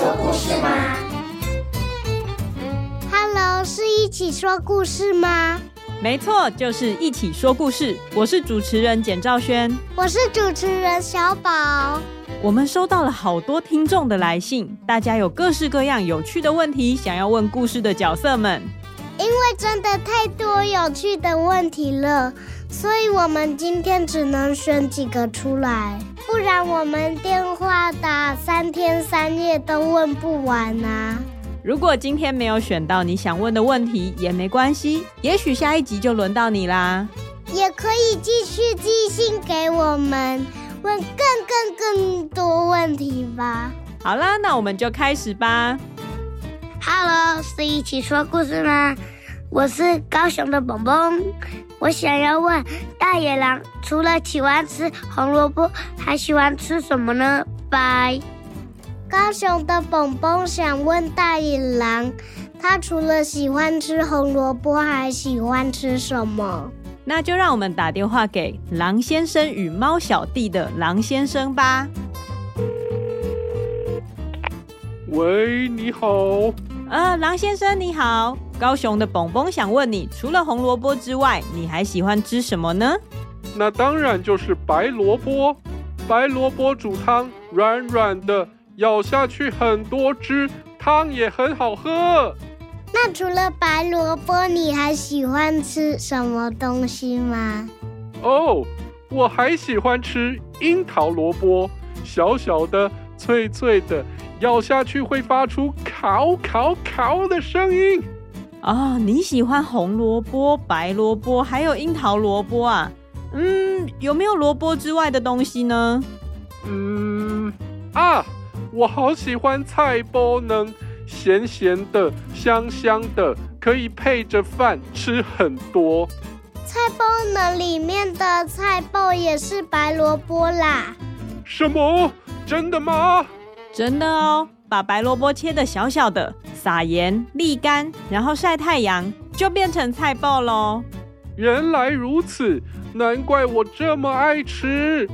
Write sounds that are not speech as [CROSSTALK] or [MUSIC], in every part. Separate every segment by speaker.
Speaker 1: 說故事嗎？Hello，是一起說故事嗎？沒錯，就是一
Speaker 2: 起說故事。我是主持人簡兆軒，我是主持人小寶。我們收到了好多聽眾的來信，大家有各式各樣有趣的問題想要問故事的角色們。
Speaker 1: 因為真的太多有趣的問題了，所以我們今天只能選幾個出來，不然我們電話打天三夜都問不完啊！如
Speaker 2: 果今天沒有選到你想問的問題也沒關係，也許下一集就輪到你啦。
Speaker 1: 也可以繼續寄信給我們，問更更更多問題吧。
Speaker 2: 好了，那我們就開始吧。
Speaker 1: Hello，是一起說故事嗎？我是高雄的蹦蹦，我想要問大野狼，除了喜歡吃紅蘿蔔，還喜歡吃什麼呢？拜。高雄的蹦蹦想問大野狼，他除了喜歡吃紅蘿蔔，還喜歡吃什麼？那
Speaker 2: 就讓我們打電話給《狼先生與貓小弟》的狼先生吧。
Speaker 3: 喂，你好。呃，
Speaker 2: 狼先生你好，高雄的蹦蹦想問你，除了紅蘿蔔之外，你還喜歡
Speaker 3: 吃什麼呢？那當然就是白蘿蔔，白蘿蔔煮湯，軟軟的。咬下去很多汁，湯也很好喝。
Speaker 1: 那除了白蘿蔔，你還喜歡吃什麼東西嗎？
Speaker 3: 哦，oh, 我還喜歡吃櫻桃蘿蔔，小小的、脆脆的，咬下去會發出“烤烤烤”的聲音。啊，oh, 你喜歡紅蘿蔔、白蘿蔔，還有櫻桃蘿蔔啊？嗯，有沒有蘿蔔之外的東西呢？嗯啊。Ah. 我好喜歡菜脯呢，鹹鹹的，香香的，可以配着飯吃很多。
Speaker 1: 菜脯呢，裡面的菜脯也是白蘿蔔啦。什麼？
Speaker 2: 真的嗎？真的哦，把白蘿蔔切得小小的，撒鹽，瀝乾，然後曬太陽，就變成菜脯嘍。
Speaker 3: 原來如此，難怪我這麼愛吃。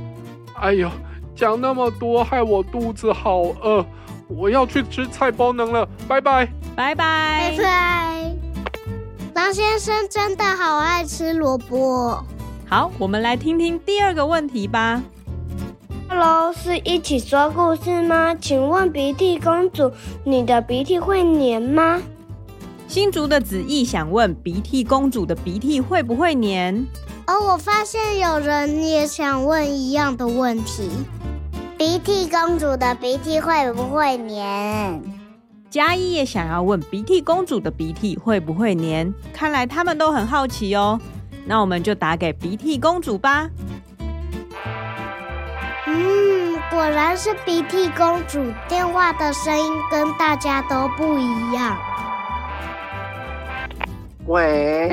Speaker 3: 哎呦。講那麼多，害我肚子好餓，我要去吃菜包能了，拜拜拜拜拜拜。狼先生真的好愛吃蘿蔔。
Speaker 2: 好，我們來聽聽第二個問題吧。
Speaker 1: Hello，是一起說故事嗎？請問鼻涕公主，你的鼻涕會黏嗎？
Speaker 2: 新竹的子義想問鼻涕公主的鼻涕會不會黏？
Speaker 1: 而、oh，我發現有人也想問一樣的問題。鼻涕公主的鼻涕會不會黏？嘉一也想要問鼻
Speaker 2: 涕公主的鼻涕會不會黏？看來他們都很好奇哦。那我們就打給鼻涕公主吧。嗯，
Speaker 1: 果然是鼻涕公主。電話的聲音跟大家都不一樣。喂？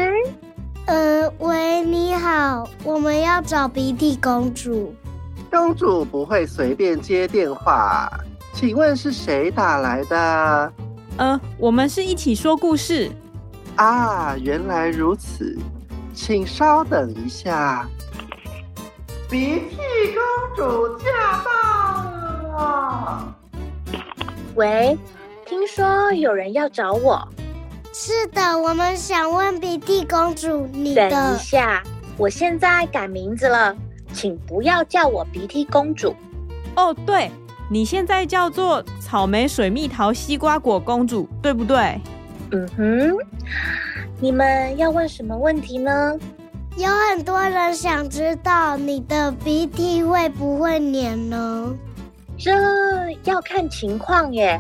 Speaker 1: 嗯、呃，喂，你好，我們要找鼻涕公主。公主不會隨便
Speaker 3: 接電話，請問是誰打來的？呃，我們是一起說故事。啊，原來如此，請稍等一下。鼻涕
Speaker 1: 公主駕到了！喂，聽說有人要找我？是的，我們想問鼻涕公主，你的，等一下，我現在改名字了。請不要叫我鼻涕公主。哦，
Speaker 2: 對，你現在叫做草莓、水蜜桃、西瓜果公主，對不對？
Speaker 1: 嗯哼。你們要問什麼問題呢？有很多人想知道你的鼻涕會不會黏呢？
Speaker 2: 這要看情況耶。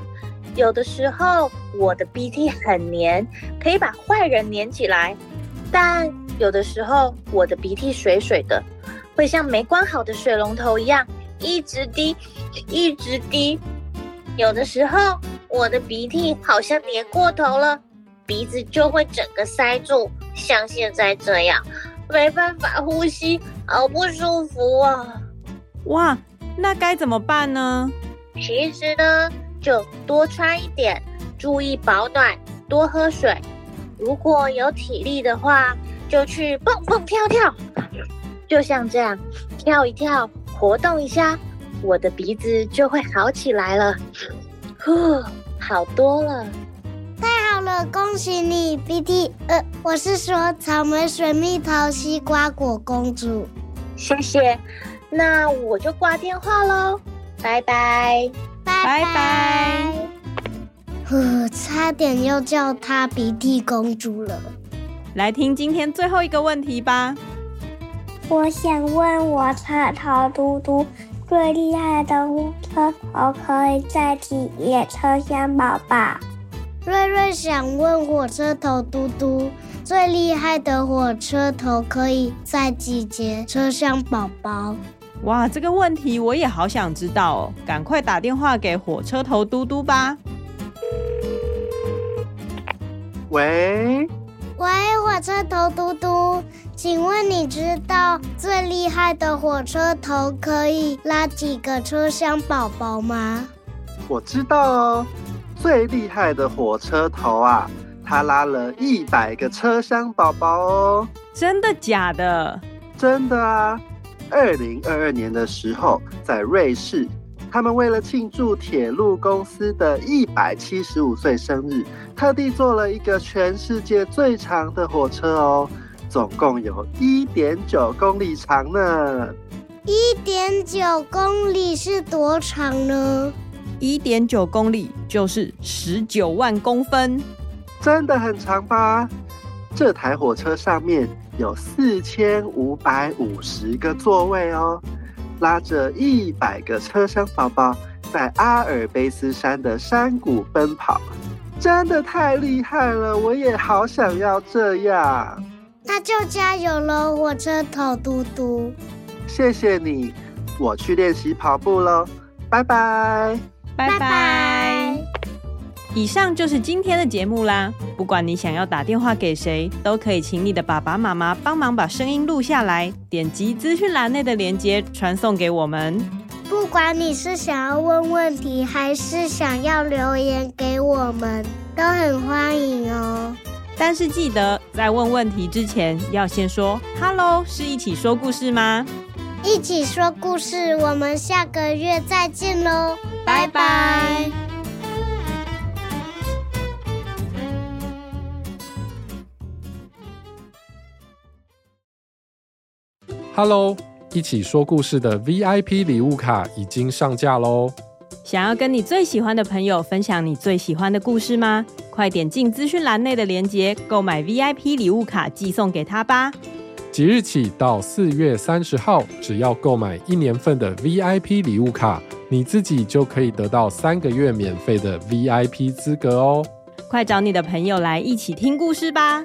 Speaker 2: 有的時候我的鼻涕很黏，可以把壞人黏起來；但有的時候我的鼻涕水水的。會像沒關好的水龍頭一樣，一直滴，
Speaker 1: 一直滴。有的時候，我的鼻涕好像粘過頭了，鼻子就會整個塞住，像現在這樣，沒辦法
Speaker 2: 呼吸，好不舒服啊！哇，那該怎麼辦呢？其實呢，就多穿一點，注意保暖，
Speaker 1: 多喝水。如果有體力的話，就去蹦蹦跳跳。跳就像這樣，跳一跳，活動一下，我的鼻子
Speaker 3: 就會好起來了。呵，好多了，
Speaker 1: 太好了，恭喜你，鼻涕……呃，我是說草莓、水蜜桃、西瓜果公主。謝謝， [LAUGHS] 那我就掛電話嘍，拜拜，拜拜。呼， [LAUGHS] [LAUGHS] 差點又叫她鼻涕公主了。
Speaker 2: 來聽今天最後一個問題吧。
Speaker 1: 我想問，火車頭嘟嘟最厲害的火車頭可以載幾節車廂寶寶？瑞瑞想問，火車頭嘟嘟最厲害的火車頭可以載幾節車廂寶寶？
Speaker 2: 哇，這個問題我也好想知道哦！趕快打電話給火車頭嘟嘟吧。
Speaker 3: 喂？
Speaker 1: 喂，火車頭嘟嘟。請問你知道最厲害的火車頭可以拉幾個車廂寶寶嗎？
Speaker 3: 我知道哦，最厲害的火車頭啊，它拉了一百個車廂寶寶哦。真的假的？真的啊！二零二二年的時候，在瑞士，他們為了慶祝鐵路公司的一百七十五歲生日，特地做了一個全世界最長的火車哦。總共有一點九公里長呢。
Speaker 1: 一點九公里是多
Speaker 3: 長呢？一點九公里就是十九萬公分，真的很長吧？這台火車上面有四千五百五十個座位哦，拉着一百個車廂寶寶在阿爾卑斯山的山谷奔跑，真的太厲害了！我也好想要這樣。
Speaker 1: 那就加油嘍，火車頭嘟嘟！
Speaker 3: 謝謝你，我去練習跑步嘍，拜拜！拜拜 bye！
Speaker 2: 以上就是今天的節目啦。不管你想要打電話給誰，都可以請你的爸爸媽媽幫忙把聲音錄下來，點擊資訊欄內的鏈接傳送給我們。
Speaker 1: 不管你是想要問問題，還是想要留言給我們，都很歡迎哦。
Speaker 2: 但是記得，在問問題之前要先說 “Hello”，是一起說故事嗎？
Speaker 1: 一起說故事，我們下個月再見嘍！拜拜 bye。
Speaker 3: Hello，一起說故事的 VIP 禮物卡已經上架嘍。
Speaker 2: 想要跟你最喜歡的朋友分享你最喜歡的故事嗎？快點進資訊欄內的鏈接購買 VIP 禮物卡寄送給他吧。
Speaker 3: 即日起到四月三十號，只要購買一年份的 VIP 禮物卡，你自己就可以得到三個月免費的 VIP 資格哦。
Speaker 2: 快找你的朋友來一起聽故事吧。